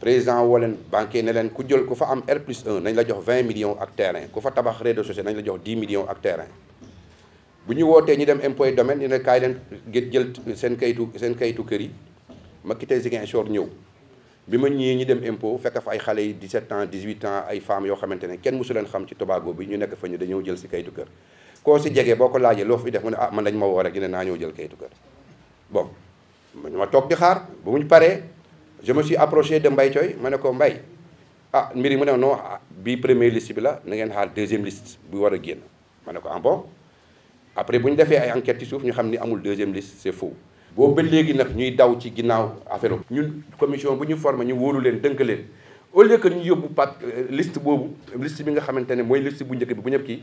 président woo leen banquier ne leen ku jël ku fa am R plus nañ la jox 20 millions ak terrain ku fa tabax rez-de-chaussée nañ la jox 10 millions ak terrain bu ñu wootee ñu dem impôt domaine ñu ne kaay leen jël seen kayitu seen kayitu kër yi ma quitté Ziguinchor ñëw bi ma ñëwee ñu dem impôt fekk fa ay xale yi 17 ans 18 ans ay femmes yoo xamante ne kenn mosu leen xam ci Tobago bi ñu nekk fa ñu dañoo jël si kayitu kër ko si jégee boo ko laajee loo fi def mu ne ah man dañ ma woo rek ñu ne naa ñëw jël kayitu kër bon ma ma toog di xaar bu muñ paree je me suis approché de mbay coy ma ko mbay ah mbiri mu ne non ah, bi premier liste bi la na ngeen xaar deuxième liste bu war a génn ma ne ko ah bon après bu ñu ay enquête ci suuf ñu xam ni amul deuxième liste c' est faux boo ba léegi nag ñuy daw ci ginnaaw affaire ñun commission bu ñu formé ñu wóolu leen dënk leen au lieu que ñu yóbbu pat euh, liste boobu liste bi nga xamante ne liste bu njëkk bi bu ñëpp kii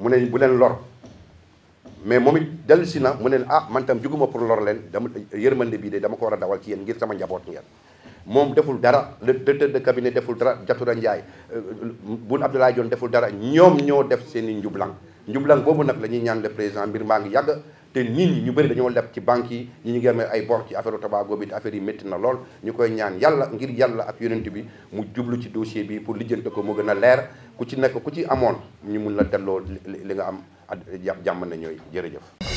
mu ne lor mais momit delusi na mu ne ah man tam lor len dama yermande bi de dama ko wara dawal ci yeen ngir sama kan. deful dara le de deful dara jatura njay eh, eh, bu abdoulaye jone deful dara ñom ño def seen njublang njublang bobu nak lañuy ñaan le président te nit ñi ñu bëri dañoo leb ci banque yi ñi ñu ngi amee ay bor ci affaire Tobago bi te affaire yi métti na lool ñu koy ñaan yàlla ngir yàlla ak yonent bi mu jublu ci dossier bi pour lijjante ko mu gën a leer ku ci nekk ku ci amoon ñu mun la delloo li nga am jàmm na ñooy jërëjëf